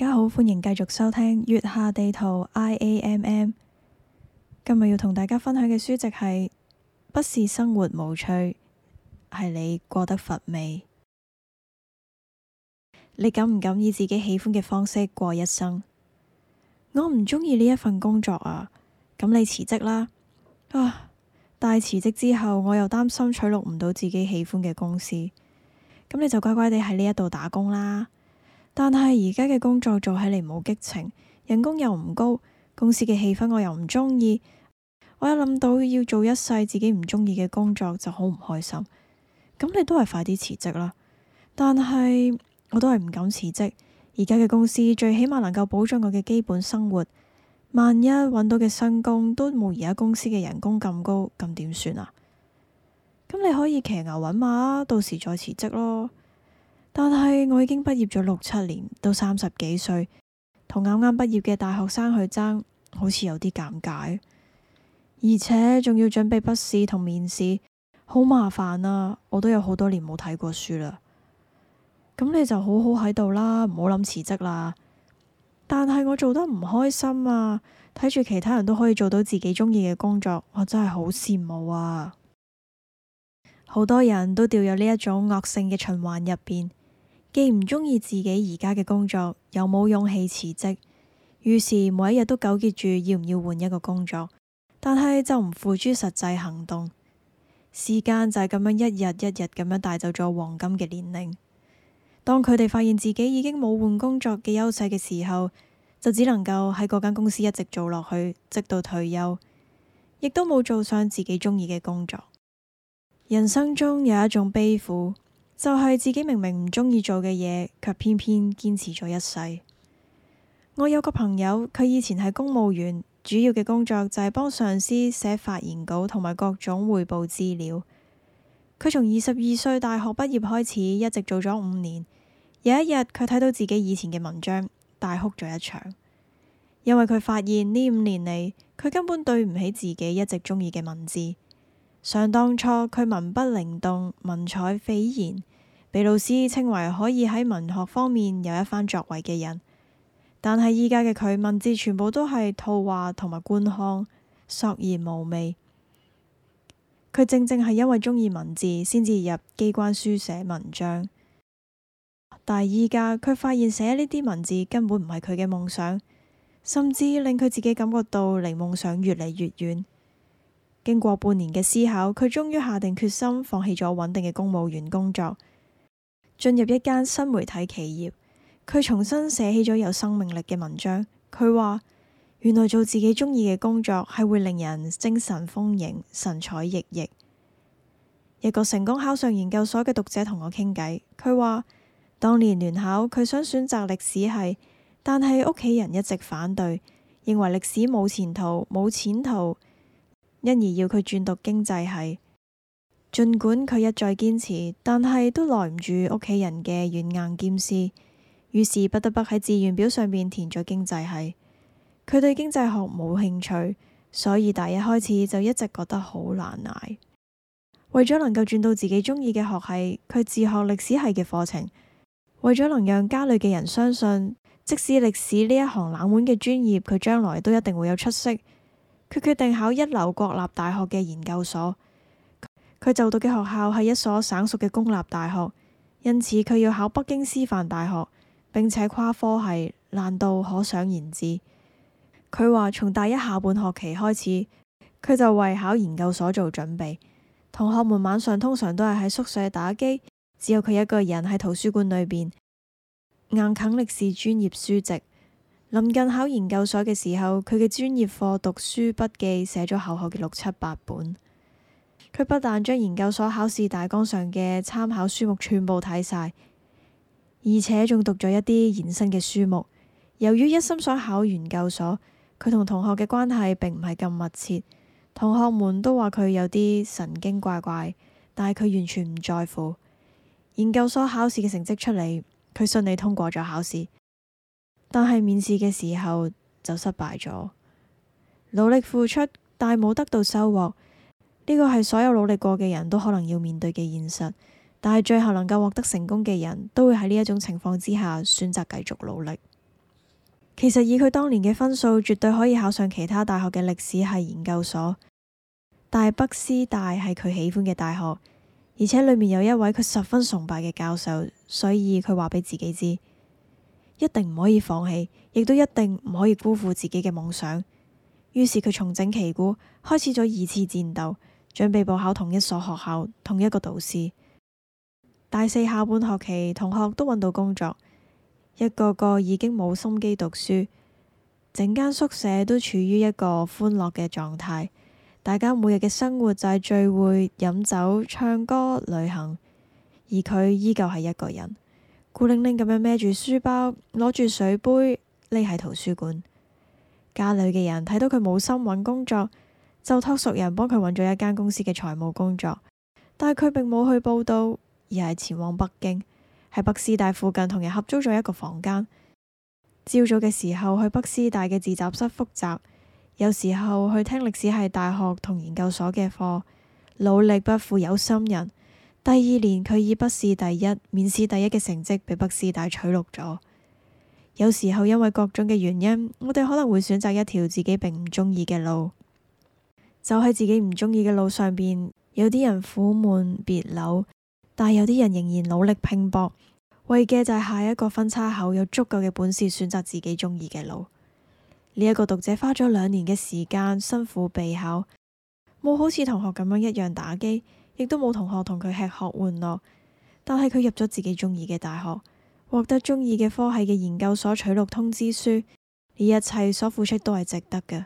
大家好，歡迎繼續收聽月下地圖 IAMM。今日要同大家分享嘅書籍係《不是生活無趣，係你過得乏味》。你敢唔敢以自己喜歡嘅方式過一生？我唔中意呢一份工作啊，咁你辭職啦。啊，但係辭職之後，我又擔心取錄唔到自己喜歡嘅公司。咁你就乖乖地喺呢一度打工啦。但係而家嘅工作做起嚟冇激情，人工又唔高，公司嘅氣氛我又唔中意，我一諗到要做一世自己唔中意嘅工作就好唔開心。咁你都係快啲辭職啦。但係我都係唔敢辭職，而家嘅公司最起碼能夠保障我嘅基本生活。萬一搵到嘅新工都冇而家公司嘅人工咁高，咁點算啊？咁你可以騎牛搵馬，到時再辭職咯。但係我已經畢業咗六七年，都三十幾歲，同啱啱畢業嘅大學生去爭，好似有啲尷尬，而且仲要準備筆試同面試，好麻煩啊！我都有好多年冇睇過書啦。咁你就好好喺度啦，唔好諗辭職啦。但係我做得唔開心啊，睇住其他人都可以做到自己中意嘅工作，我真係好羨慕啊！好多人都掉入呢一種惡性嘅循環入邊。既唔中意自己而家嘅工作，又冇勇氣辭職，於是每一日都糾結住要唔要換一個工作，但係就唔付諸實際行動。時間就係咁樣，一日一日咁樣帶走咗黃金嘅年齡。當佢哋發現自己已經冇換工作嘅優勢嘅時候，就只能夠喺嗰間公司一直做落去，直到退休，亦都冇做上自己中意嘅工作。人生中有一種悲苦。就係自己明明唔鍾意做嘅嘢，卻偏偏堅持咗一世。我有個朋友，佢以前係公務員，主要嘅工作就係幫上司寫發言稿同埋各種匯報資料。佢從二十二歲大學畢業開始，一直做咗五年。有一日，佢睇到自己以前嘅文章，大哭咗一場，因為佢發現呢五年嚟，佢根本對唔起自己一直鍾意嘅文字。想當初，佢文筆靈動，文采斐然，被老師稱為可以喺文學方面有一番作為嘅人。但係而家嘅佢，文字全部都係套話同埋官腔，索然無味。佢正正係因為鍾意文字，先至入機關書寫文章。但係而家，佢發現寫呢啲文字根本唔係佢嘅夢想，甚至令佢自己感覺到離夢想越嚟越遠。經過半年嘅思考，佢終於下定決心放棄咗穩定嘅公務員工作，進入一間新媒體企業。佢重新寫起咗有生命力嘅文章。佢話：原來做自己中意嘅工作係會令人精神豐盈、神采奕奕。一個成功考上研究所嘅讀者同我傾偈，佢話：當年聯考佢想選擇歷史系，但係屋企人一直反對，認為歷史冇前途、冇前途。因而要佢轉讀經濟系，儘管佢一再堅持，但係都耐唔住屋企人嘅軟硬兼施，於是不得不喺志願表上面填咗經濟系。佢對經濟學冇興趣，所以大一開始就一直覺得好難捱。為咗能夠轉到自己中意嘅學系，佢自學歷史系嘅課程。為咗能讓家裏嘅人相信，即使歷史呢一行冷門嘅專業，佢將來都一定會有出息。佢決定考一流國立大學嘅研究所。佢就讀嘅學校係一所省屬嘅公立大學，因此佢要考北京師範大學，並且跨科系，難度可想而知。佢話從大一下半學期開始，佢就為考研究所做準備。同學們晚上通常都係喺宿舍打機，只有佢一個人喺圖書館裏邊硬啃歷史專業書籍。臨近考研究所嘅時候，佢嘅專業課讀書筆記寫咗厚厚嘅六七八本。佢不但將研究所考試大綱上嘅參考書目全部睇晒，而且仲讀咗一啲延伸嘅書目。由於一心想考研究所，佢同同學嘅關係並唔係咁密切，同學們都話佢有啲神經怪怪，但係佢完全唔在乎。研究所考試嘅成績出嚟，佢順利通過咗考試。但係面試嘅時候就失敗咗，努力付出但係冇得到收穫，呢個係所有努力過嘅人都可能要面對嘅現實。但係最後能夠獲得成功嘅人都會喺呢一種情況之下選擇繼續努力。其實以佢當年嘅分數，絕對可以考上其他大學嘅歷史系研究所，但係北師大係佢喜歡嘅大學，而且裏面有一位佢十分崇拜嘅教授，所以佢話俾自己知。一定唔可以放棄，亦都一定唔可以辜負自己嘅夢想。於是佢重整旗鼓，開始咗二次戰鬥，準備報考同一所學校、同一個導師。大四下半學期，同學都揾到工作，一個個已經冇心機讀書，整間宿舍都處於一個歡樂嘅狀態。大家每日嘅生活就係聚會、飲酒、唱歌、旅行，而佢依舊係一個人。孤零零咁樣孭住書包，攞住水杯，匿喺圖書館。家裏嘅人睇到佢冇心搵工作，就託熟人幫佢搵咗一間公司嘅財務工作。但係佢並冇去報到，而係前往北京，喺北師大附近同人合租咗一個房間。朝早嘅時候去北師大嘅自習室複習，有時候去聽歷史，係大學同研究所嘅課。努力不負有心人。第二年佢以筆試第一，面試第一嘅成績被北師大取錄咗。有時候因為各種嘅原因，我哋可能會選擇一條自己並唔中意嘅路，就喺自己唔中意嘅路上邊。有啲人苦悶彆扭，但有啲人仍然努力拼搏，為嘅就係下一個分叉口有足夠嘅本事選擇自己中意嘅路。呢一個讀者花咗兩年嘅時間，辛苦備考，冇好似同學咁樣一樣打機。亦都冇同學同佢吃喝玩樂，但係佢入咗自己中意嘅大學，獲得中意嘅科系嘅研究所取錄通知書，呢一切所付出都係值得嘅。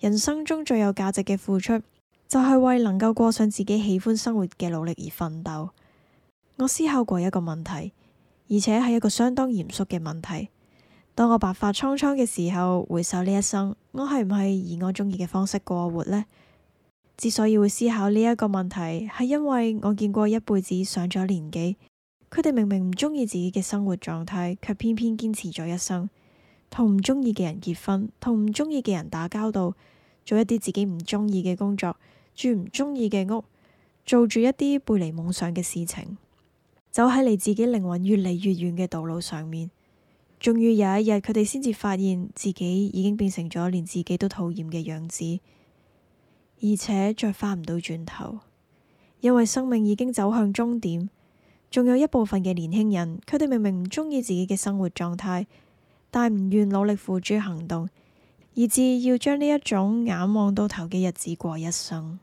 人生中最有價值嘅付出，就係為能夠過上自己喜歡生活嘅努力而奮鬥。我思考過一個問題，而且係一個相當嚴肅嘅問題：當我白髮蒼蒼嘅時候，回首呢一生，我係唔係以我中意嘅方式過活呢？之所以會思考呢一個問題，係因為我見過一輩子上咗年紀，佢哋明明唔中意自己嘅生活狀態，卻偏偏堅持咗一生，同唔中意嘅人結婚，同唔中意嘅人打交道，做一啲自己唔中意嘅工作，住唔中意嘅屋，做住一啲背離夢想嘅事情，走喺離自己靈魂越嚟越遠嘅道路上面，終於有一日，佢哋先至發現自己已經變成咗連自己都討厭嘅樣子。而且再翻唔到轉頭，因為生命已經走向終點。仲有一部分嘅年輕人，佢哋明明唔中意自己嘅生活狀態，但唔願努力付諸行動，以至要將呢一種眼望到頭嘅日子過一生。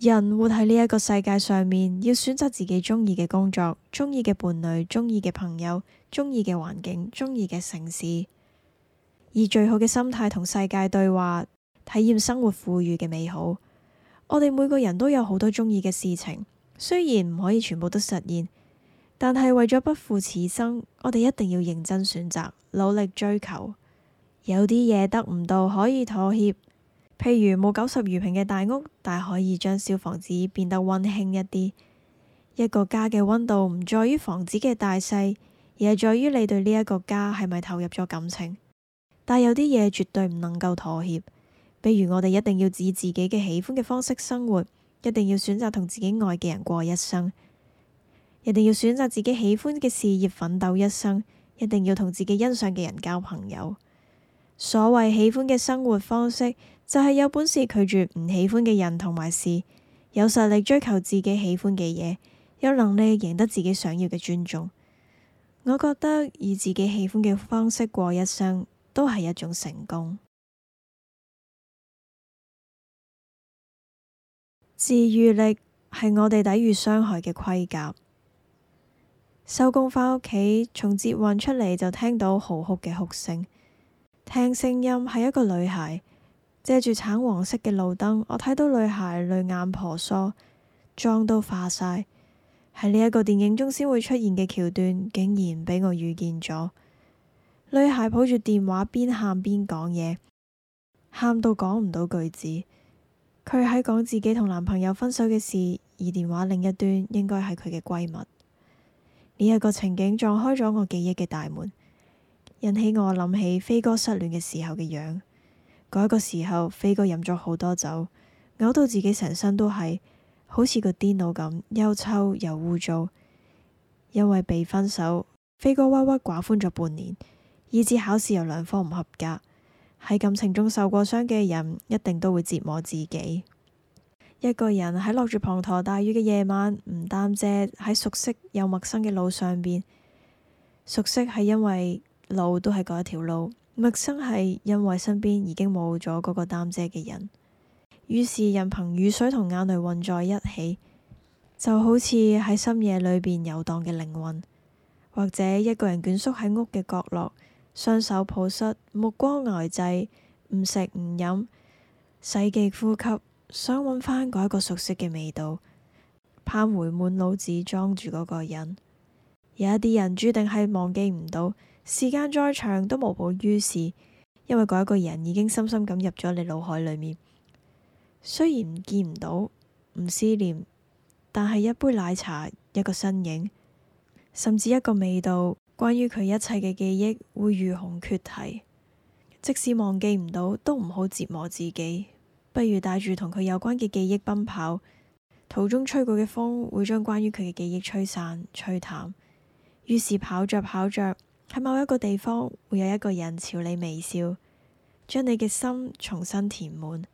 人活喺呢一個世界上面，要選擇自己中意嘅工作、中意嘅伴侶、中意嘅朋友、中意嘅環境、中意嘅城市，以最好嘅心態同世界對話。體驗生活富裕嘅美好，我哋每個人都有好多鍾意嘅事情，雖然唔可以全部都實現，但係為咗不負此生，我哋一定要認真選擇，努力追求。有啲嘢得唔到可以妥協，譬如冇九十餘平嘅大屋，但可以將小房子變得溫馨一啲。一個家嘅溫度唔在於房子嘅大細，而係在於你對呢一個家係咪投入咗感情。但有啲嘢絕對唔能夠妥協。比如，我哋一定要以自，自己嘅喜歡嘅方式生活，一定要選擇同自己愛嘅人過一生，一定要選擇自己喜歡嘅事業奮鬥一生，一定要同自己欣賞嘅人交朋友。所謂喜歡嘅生活方式，就係、是、有本事拒絕唔喜歡嘅人同埋事，有實力追求自己喜歡嘅嘢，有能力贏得自己想要嘅尊重。我覺得以自己喜歡嘅方式過一生，都係一種成功。自愈力係我哋抵御傷害嘅盔甲。收工返屋企，從捷運出嚟就聽到嚎哭嘅哭聲。聽聲音係一個女孩，借住橙黃色嘅路燈，我睇到女孩淚眼婆娑，妝都化晒。喺呢一個電影中先會出現嘅橋段，竟然俾我遇見咗。女孩抱住電話邊喊邊講嘢，喊到講唔到句子。佢喺講自己同男朋友分手嘅事，而電話另一端應該係佢嘅閨蜜。呢、這、一個情景撞開咗我記憶嘅大門，引起我諗起飛哥失戀嘅時候嘅樣。嗰、那、一個時候，飛哥飲咗好多酒，嘔到自己成身都係，好似個癲佬咁，憂愁又污糟。因為被分手，飛哥鬱鬱寡歡咗半年，以至考試有兩科唔合格。喺感情中受過傷嘅人，一定都會折磨自己。一個人喺落住滂沱大雨嘅夜晚，唔擔遮，喺熟悉又陌生嘅路上邊，熟悉係因為路都係嗰一條路，陌生係因為身邊已經冇咗嗰個擔遮嘅人。於是任憑雨水同眼淚混在一起，就好似喺深夜裏邊遊蕩嘅靈魂，或者一個人捲縮喺屋嘅角落。雙手抱膝，目光呆滯，唔食唔飲，細氣呼吸，想揾返嗰一個熟悉嘅味道，盼回滿腦子裝住嗰個人。有一啲人注定係忘記唔到，時間再長都無補於事，因為嗰一個人已經深深咁入咗你腦海裏面。雖然見唔到，唔思念，但係一杯奶茶，一個身影，甚至一個味道。關於佢一切嘅記憶會如洪缺堤，即使忘記唔到，都唔好折磨自己。不如帶住同佢有關嘅記憶奔跑，途中吹過嘅風會將關於佢嘅記憶吹散、吹淡。於是跑着跑着，喺某一個地方會有一個人朝你微笑，將你嘅心重新填滿。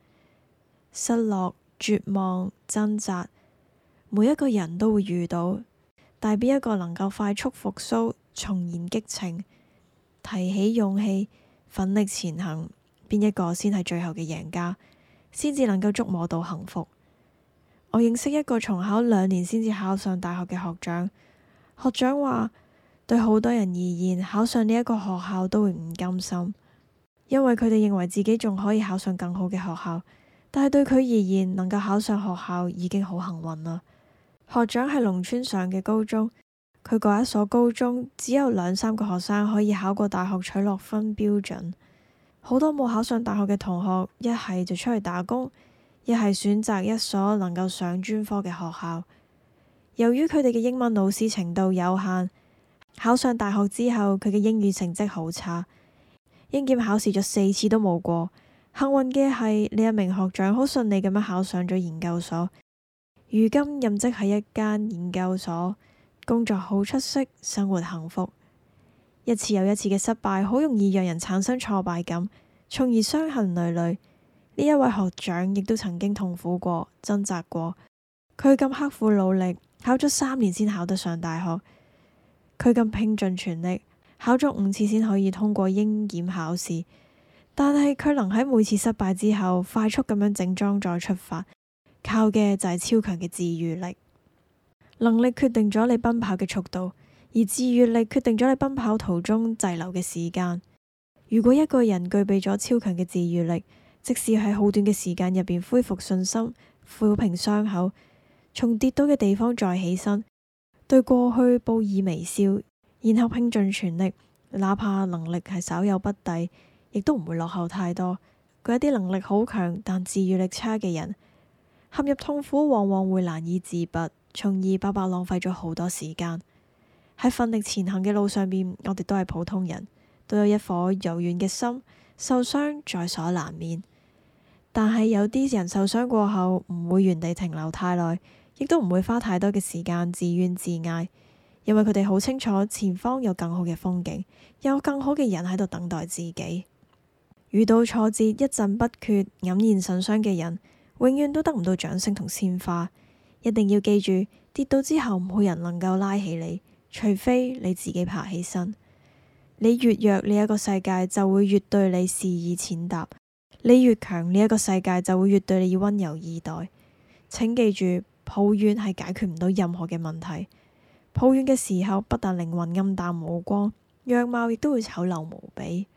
失落、絕望、掙扎，每一個人都會遇到，但邊一個能夠快速復甦？重燃激情，提起勇氣，奮力前行，邊一個先係最後嘅贏家，先至能夠觸摸到幸福。我認識一個重考兩年先至考上大學嘅學長，學長話對好多人而言，考上呢一個學校都會唔甘心，因為佢哋認為自己仲可以考上更好嘅學校。但係對佢而言，能夠考上學校已經好幸運啦。學長係農村上嘅高中。佢嗰一所高中只有兩三個學生可以考過大學取落分標準，好多冇考上大學嘅同學，一係就出去打工，一係選擇一所能夠上專科嘅學校。由於佢哋嘅英文老師程度有限，考上大學之後佢嘅英語成績好差，英檢考試咗四次都冇過。幸運嘅係，呢一名學長好順利咁樣考上咗研究所，如今任職喺一間研究所。工作好出色，生活幸福。一次又一次嘅失敗，好容易讓人產生挫敗感，從而傷痕累累。呢一位學長亦都曾經痛苦過、掙扎過。佢咁刻苦努力，考咗三年先考得上大學。佢咁拼盡全力，考咗五次先可以通過英檢考試。但係佢能喺每次失敗之後快速咁樣整裝再出發，靠嘅就係超強嘅自愈力。能力決定咗你奔跑嘅速度，而自愈力決定咗你奔跑途中滯留嘅時間。如果一個人具備咗超強嘅自愈力，即使喺好短嘅時間入邊恢復信心、撫平傷口、從跌倒嘅地方再起身，對過去報以微笑，然後拼盡全力，哪怕能力係稍有不抵，亦都唔會落後太多。嗰一啲能力好強但自愈力差嘅人，陷入痛苦往往會難以自拔。從而白白浪費咗好多時間喺奮力前行嘅路上面，我哋都係普通人，都有一顆柔軟嘅心，受傷在所難免。但係有啲人受傷過後唔會原地停留太耐，亦都唔會花太多嘅時間自怨自艾，因為佢哋好清楚前方有更好嘅風景，有更好嘅人喺度等待自己。遇到挫折一蹶不振、黯然神傷嘅人，永遠都得唔到掌聲同鮮花。一定要記住，跌倒之後冇人能夠拉起你，除非你自己爬起身。你越弱，呢一個世界就會越對你肆意踐踏；你越強，呢一個世界就會越對你温柔以待。請記住，抱怨係解決唔到任何嘅問題。抱怨嘅時候，不但靈魂暗淡無光，樣貌亦都會醜陋無比。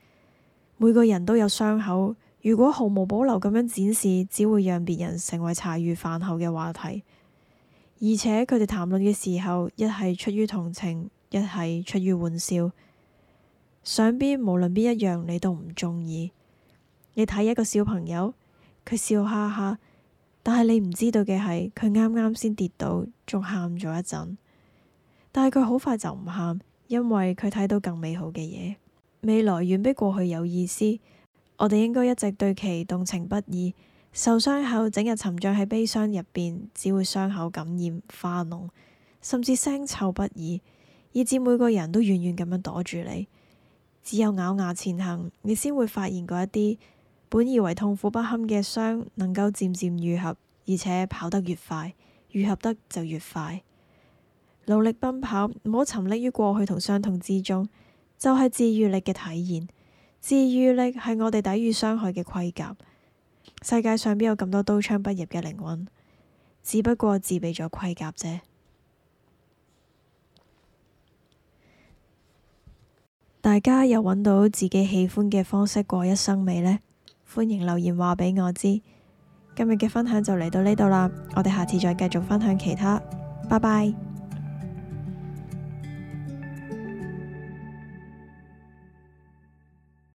每個人都有傷口，如果毫無保留咁樣展示，只會讓別人成為茶餘飯後嘅話題。而且佢哋談論嘅時候，一係出於同情，一係出於玩笑。想必無論邊一樣，你都唔中意。你睇一個小朋友，佢笑哈哈，但係你唔知道嘅係，佢啱啱先跌倒，仲喊咗一陣。但係佢好快就唔喊，因為佢睇到更美好嘅嘢。未來遠比過去有意思。我哋應該一直對其動情不已。受傷後，整日沉醉喺悲傷入邊，只會傷口感染化膿，甚至腥臭不已，以至每個人都遠遠咁樣躲住你。只有咬牙前行，你先會發現嗰一啲本以為痛苦不堪嘅傷，能夠漸漸愈合，而且跑得越快，愈合得就越快。努力奔跑，唔好沉溺於過去同傷痛之中，就係、是、治愈力嘅體現。治愈力係我哋抵御傷害嘅盔甲。世界上邊有咁多刀槍不入嘅靈魂，只不過自備咗盔甲啫。大家有揾到自己喜歡嘅方式過一生未呢？歡迎留言話畀我知。今日嘅分享就嚟到呢度啦，我哋下次再繼續分享其他。拜拜。